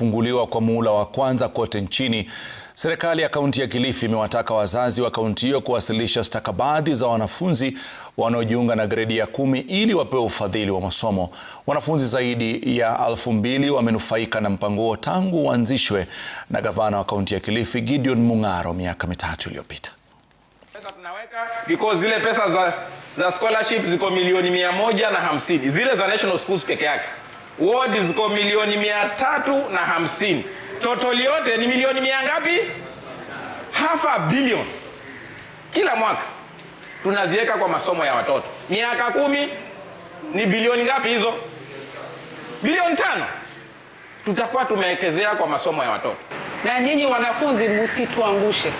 kufunguliwa kwa muhula wa kwanza kote nchini, serikali ya kaunti ya Kilifi imewataka wazazi wa kaunti hiyo kuwasilisha stakabadhi za wanafunzi wanaojiunga na gredi ya kumi ili wapewe ufadhili wa masomo. Wanafunzi zaidi ya elfu mbili wamenufaika na mpango huo tangu uanzishwe na gavana wa kaunti ya Kilifi Gideon Mung'aro miaka mitatu iliyopita. because zile pesa za, za scholarship ziko milioni mia moja na hamsini zile za national schools peke yake wodi ziko milioni mia tatu na hamsini totoli yote ni milioni mia ngapi? Hafa bilioni kila mwaka tunaziweka kwa masomo ya watoto. Miaka kumi ni bilioni ngapi hizo? Bilioni tano tutakuwa tumewekezea kwa masomo ya watoto. Na nyinyi wanafunzi, msituangushe.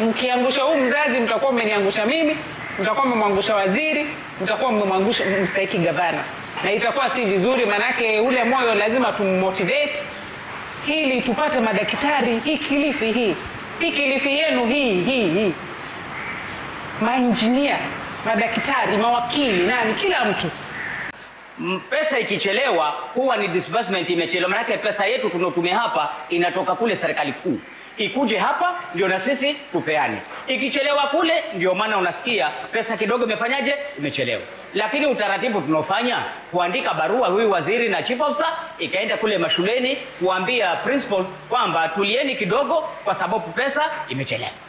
Mkiangusha huu mzazi, mtakuwa mmeniangusha mimi, mtakuwa mmemwangusha waziri, mtakuwa mmemwangusha mstahiki gavana na itakuwa si vizuri, maanake ule moyo lazima tummotivate ili tupate madaktari. Hii Kilifi hii hii Kilifi yenu hii hii hii, mainjinia, madaktari, mawakili, nani, kila mtu pesa ikichelewa huwa ni disbursement imechelewa, maanake pesa yetu tunaotumia hapa inatoka kule serikali kuu ikuje hapa ndio na sisi tupeane. Ikichelewa kule, ndio maana unasikia pesa kidogo imefanyaje, imechelewa. Lakini utaratibu tunaofanya kuandika barua huyu waziri na chief officer, ikaenda kule mashuleni kuambia principals kwamba tulieni kidogo, kwa sababu pesa imechelewa.